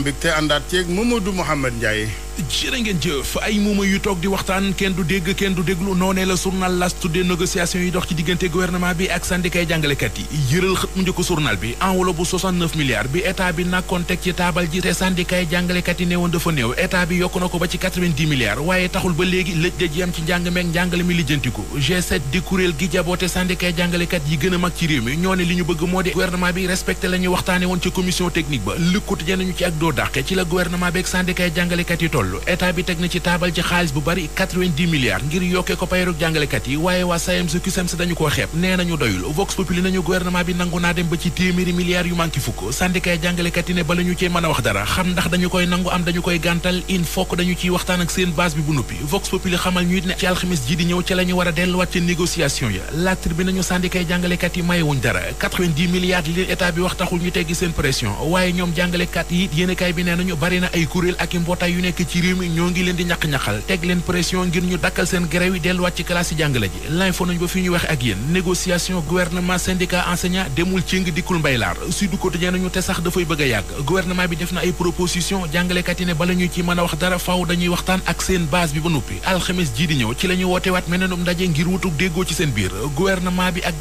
am mbégte àndaat ceeg Mamadou Mouhamed Ndiaye jërë ngeen jëf ay muuma yu toog di waxtaan kenn du dégg kenn du déglu noonee la journal las tuddee yi dox ci diggante gouvernement bi ak syndicat yi jàngalekat yi yëral xët mu njëkk journal bi enveloppe bu 69 milliards bi état bi nakkoon teg ci taabal ji te syndicat yi jàngalekat yi néewoon dafa néew état bi yokk na ko ba ci 90 waaye taxul ba léegi lëj daj yam ci njàng meeg njàngale mi lijjantiku G7 di kuréel gi jaboote syndicat yi a mag ci réew mi ñoo ne li ñu toll bi teg na ci taabal ci xaalis bu bari 90 ngir yokkee ko payrug jàngalekat yi waaye waa SAEMS CUSEMS dañu koo xeeb nee nañu doyul Vox Populi nañu gouvernement bi nangu naa dem ba téeméeri milliards yu manqué fukk syndicat jàngalekat yi ne bala ñu cee mën wax dara xam ndax dañu koy nangu am dañu koy gàntal in fokk dañu ciy waxtaan ak seen base bi bu noppi Vox Populi xamal ñu it ne ci alxamis ji di ñëw ci la ñu war a delluwaat ci réew mi ñoo ngi leen di ñaq-ñaqal teg leen pression ngir ñu dakkal seen grève yi delluwaat ci classe yi jàngale ji l'info nañu ba fi ñu waxe ak yéen négociation gouvernement syndicat enseignant demul ci ngi dikkul mbay laar Sud Quotidien te sax dafay bëgg a yàgg gouvernement bi def na ay proposition jàngalekat yi ne bala ñu ci mën a wax dara faw dañuy waxtaan ak seen base bi ba noppi alxames ji di ñëw ci la ñu wootewaat meneenum ndaje ngir wutuk déggoo ci seen biir gouvernement bi ak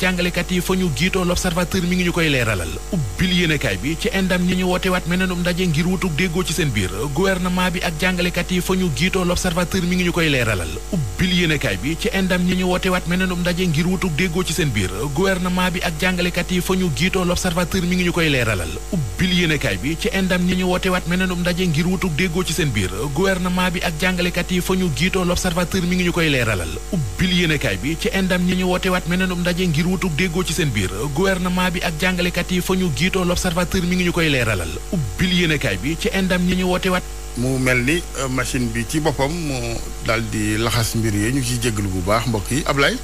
yi fa ñu jiitoo l'observateur mi ngi ñu koy leeralal ubbil yéenekaay bi ci indam ñi ñu wootewaat meneenum ndaje ngir wutuk déggoo ci seen biir gouvernement bi ak jàng jàngalekat yi fa ñu giitoo l'observateur mi ngi ñu koy leeralal ubbil yéenekaay bi ci indam ñi ñu woote waat meneenum ndaje ngir wutuk déggoo ci seen biir gouvernement bi ak jàngalekat yi fa ñu giitoo l'observateur mi ngi ñu koy leeralal ubbil yéenekaay bi ci indam ñi ñu woote waat meneenum ndaje ngir wutuk déggoo ci seen biir gouvernement bi ak jàngalekat yi fa ñu giitoo l'observateur mi ngi ñu koy leeralal ubbil yéenekaay bi ci indam ñi ñu woote waat meneenum ndaje ngir wutuk déggoo ci seen biir gouvernement bi ak jàngalekat yi fa ñu giitoo l'observateur mi ngi ñu koy leeralal ubbil yéenekaay bi ci indam ñi ñu woote waat mu mel ni euh, machine bi ci boppam mu daal di laxas mbir yi ñu ci jégalu bu baax mbokk yi Ablaye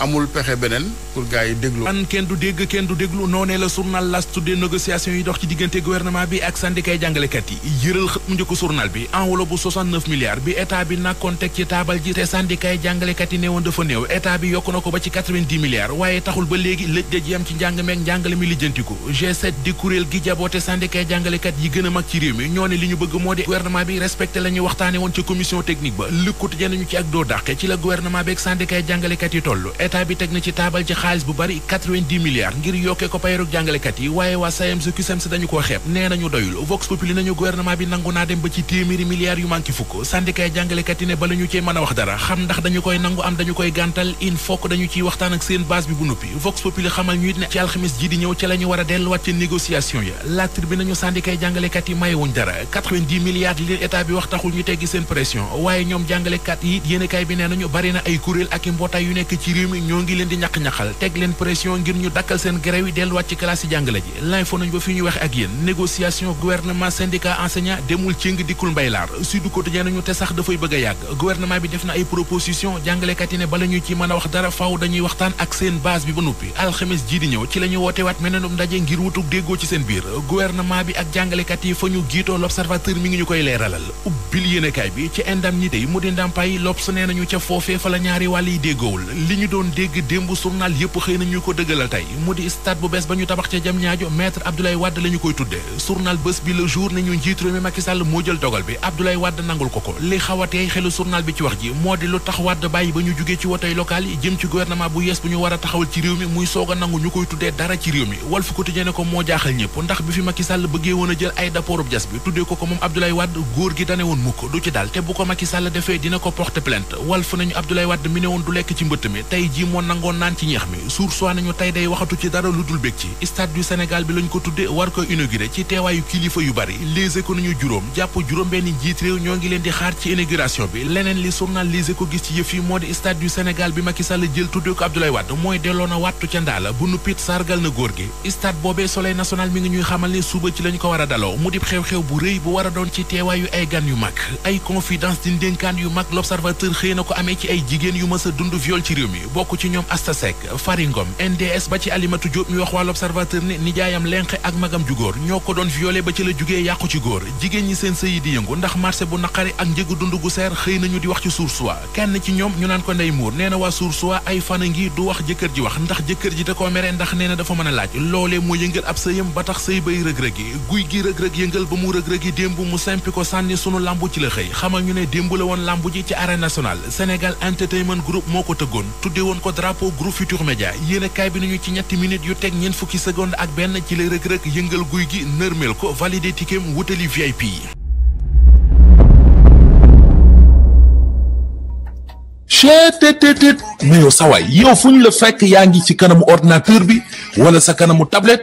amul pexe beneen pour gars yi déglu. man kenn du dégg kenn du déglu noonee la journal L'As tuddee négociations yi dox ci diggante gouvernement bi ak syndicat yi jàngalekat yi yëral xët mu njëkk journal bi enveloppe bu 69 milliards bi état bi nakkoon teg ci taabal ji te syndicat jàngalekat yi newoon dafa néew état bi yokk na ko ba ci 90 waaye taxul ba léegi lëj dëj yam ci njàng meeg njàngale mi lijjantiku G7 di kuréel gi jaboote syndicat yi jàngalekat yi gën a mag ci réew mi ñoo ne li ñu état bi teg na ci taabal ci xaalis bu bari 90 ngir yokkee ko payerug jàngalekat yi waaye waa SAEMS CUSEMS dañu koo xeeb nee nañu doyul Vox Populi nañu gouvernement bi nangu naa dem ba ci téeméeri milliards yu manqué fukk syndicat jàngalekat yi ne bala ñu cee mën a wax dara xam ndax dañu koy nangu am dañu koy gàntal il faut dañu ciy waxtaan ak seen base bi bu noppi Vox Populi xamal ñu ne ci alxamis ji di ñëw ci la ñu a delluwaat ci négociation ya laajte mooy ñoo ngi leen di ñaq-ñaqal teg leen pression ngir ñu dakkal seen grève yi delluwaat ci classe yi jàngale ji laay fa nañ ba fi ñu waxe ak yéen négociation gouvernement syndicat enseignant demul ci ngi dikkul mbay laar Sud Quotidien nañu te sax dafay bëgg a yàgg gouvernement bi def na ay proposition jàngalekat yi ne bala ñu ci mën a wax dara faaw dañuy waxtaan ak seen base bi ba noppi alxames jii di ñëw ci la ñu wootewaat meneenum ndaje ngir wutug déggoo ci seen biir gouvernement bi ak jàngalekat yi fa ñu giitoo koy leeralal bi ci indemnité yi mu di ndàmpaay l'Obs nee nañu ca foofee fa doon dégg démb surnal yëpp xëy na ñu ko dëggalal tey mu di stade bu bees ba ñu tabax ca jam ñaajo maître Abdoulaye Wade la ñu koy tudde journal bés bi le jour ne ñu njiit réew mi Macky Sall moo jël dogal bi Abdoulaye Wade nangul ko ko li xaw a teey xelu journal bi ci wax ji moo di lu tax Wade bàyyi ba ñu jugee ci wotoy local yi jëm ci gouvernement bu yees bu ñu war a taxawal ci réew mi muy soog a nangu ñu koy tuddee dara ci réew mi Walf Quotidien ne ko moo jaaxal ñëpp ndax bi fi Macky Sall a jël ay dapoorub ko ko moom Abdoulaye Wade gi dane woon mukk du ci daal bu ko Macky Sall defee dina ko porter plainte Walf nañu Abdoulaye Wade mi ne woon du lekk ci mbëtt mi tey ji moo nangoon naan ci ñeex mi suur soi nañu tey day waxatu ci dara lu dul bég ci stade du Sénégal bi lañ ko tudde war ko inauguré ci teewaayu kilifa yu bari Les ko nañu juróom jàpp juróom benn njiit réew ñoo ngi leen di xaar ci inauguration bi leneen li journal Les Échos gis ci yëf yi moo di stade du Sénégal bi Macky Sall jël tudde ko Abdoulaye Wade mooy delloo na wattu ca ndaala bu nu sargal na góor gi stade boobee Soleil national mi ngi ñuy xamal ne suba ci lañ ko war a daloo mu dib xew-xew bu rëy bu war a doon ci teewaayu ay gan yu mag ay confidence di ndénkaan yu mag l'observateur xëy na ko amee ci ay jigéen yu mës a dund viol ci réew mi bokk ci ñoom Asta Seck Faringom NDS ba ci Alimatu Diop mi wax waa l'Observateur ne nijaayam lenq ak magam ju góor ñoo ko doon violé ba ci la jugee yàqu ci góor jigéen ñi seen sëyi di yëngu ndax marché bu naqari ak njëgu dund gu seer xëy nañu di wax ci Source A kenn ci ñoom ñu naan ko ndey muur nee na waa Source A ay fan ngi du wax jëkkër ji wax ndax jëkkër ji da koo mere ndax nee na dafa mën a laaj loole moo yëngal ab sëyam ba tax sëy bay rëg-rëg guy gi rëg yëngal ba mu rëg-rëg démb mu simpi ko sànni sunu lambu ci la xëy xamal ñu ne démb la woon lambu ji ci arène nationale Sénégal Entertainment Group moo ko tëggoon woon ko drapeau groupe Futur Média yéen kaay bi ci ñetti minutes yu teg ñeent fukki seconde ak benn ci la rëg yëngal guy gi nërmeel ko validé tikem wutali VIP chettt mais yow sawaay yow fu ñu la fekk yaa ngi ci kanamu ordinateur bi wala sa kanamu tablet